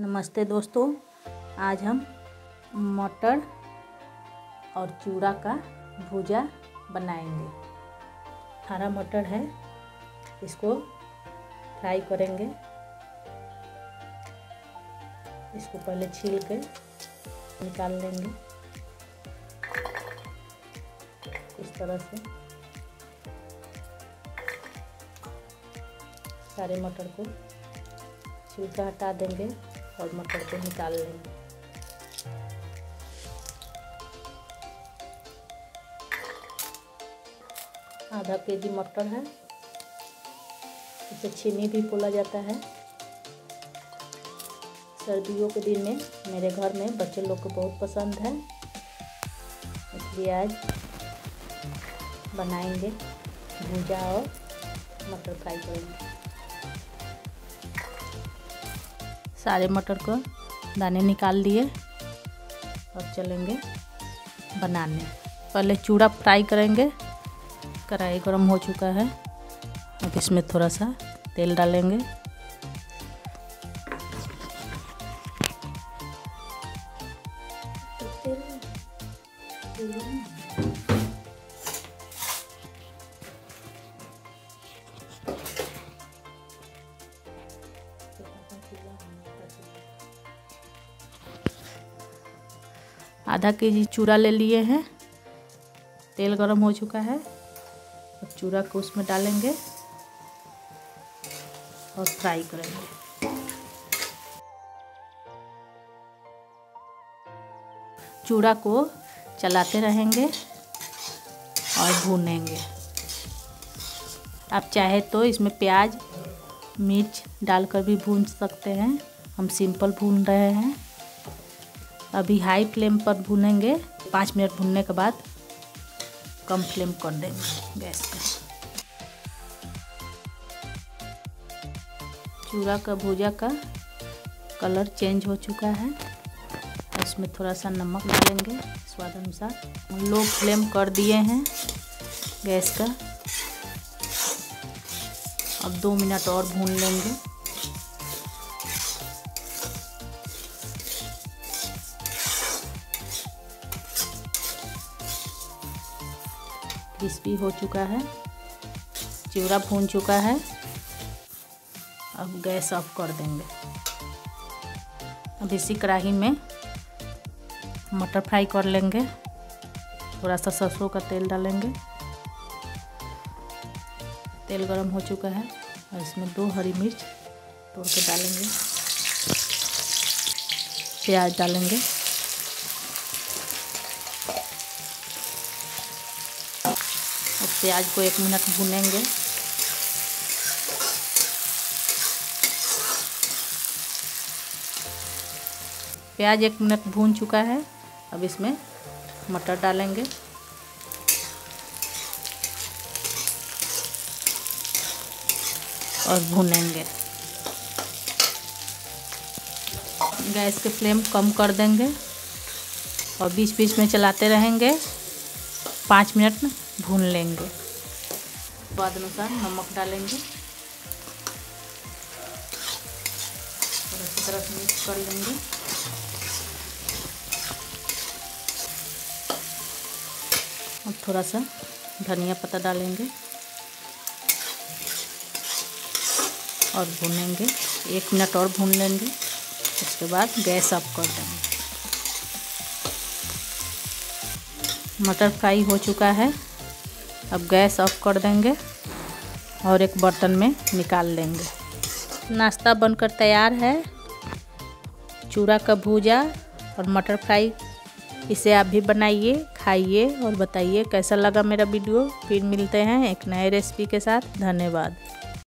नमस्ते दोस्तों आज हम मटर और चूड़ा का भुजा बनाएंगे हरा मटर है इसको फ्राई करेंगे इसको पहले छील के निकाल लेंगे इस तरह से सारे मटर को छिलका हटा देंगे और मटर को निकाल लेंगे आधा के जी मटर है इसे छीनी भी बोला जाता है सर्दियों के दिन में मेरे घर में बच्चे लोग को बहुत पसंद है इसलिए आज बनाएंगे भूजा और मटर फ्राई करेंगे सारे मटर को दाने निकाल लिए और चलेंगे बनाने पहले चूड़ा फ्राई करेंगे कढ़ाई गर्म हो चुका है अब इसमें थोड़ा सा तेल डालेंगे तेल आधा के जी चूड़ा ले लिए हैं तेल गरम हो चुका है अब चूड़ा को उसमें डालेंगे और फ्राई करेंगे चूड़ा को चलाते रहेंगे और भूनेंगे आप चाहे तो इसमें प्याज मिर्च डालकर भी भून सकते हैं हम सिंपल भून रहे हैं अभी हाई फ्लेम पर भूनेंगे पाँच मिनट भूनने के बाद कम फ्लेम कर देंगे गैस का चूड़ा का भुजा का कलर चेंज हो चुका है इसमें थोड़ा सा नमक डालेंगे स्वाद अनुसार लो फ्लेम कर दिए हैं गैस का अब दो मिनट और भून लेंगे क्रिस्पी हो चुका है चिवड़ा भून चुका है अब गैस ऑफ कर देंगे अब इसी कढ़ाही में मटर फ्राई कर लेंगे थोड़ा सा सरसों का तेल डालेंगे तेल गरम हो चुका है और इसमें दो हरी मिर्च तोड़ के डालेंगे प्याज डालेंगे प्याज को एक मिनट भूनेंगे प्याज एक मिनट भून चुका है अब इसमें मटर डालेंगे और भूनेंगे गैस के फ्लेम कम कर देंगे और बीच बीच में चलाते रहेंगे पाँच मिनट में भून लेंगे बाद अनुसार नमक डालेंगे और अच्छी तरह से मिक्स कर लेंगे और थोड़ा सा धनिया पत्ता डालेंगे और भूनेंगे एक मिनट और भून लेंगे उसके बाद गैस ऑफ कर देंगे मटर फ्राई हो चुका है अब गैस ऑफ कर देंगे और एक बर्तन में निकाल लेंगे नाश्ता बनकर तैयार है चूड़ा का भूजा और मटर फ्राई इसे आप भी बनाइए खाइए और बताइए कैसा लगा मेरा वीडियो फिर मिलते हैं एक नए रेसिपी के साथ धन्यवाद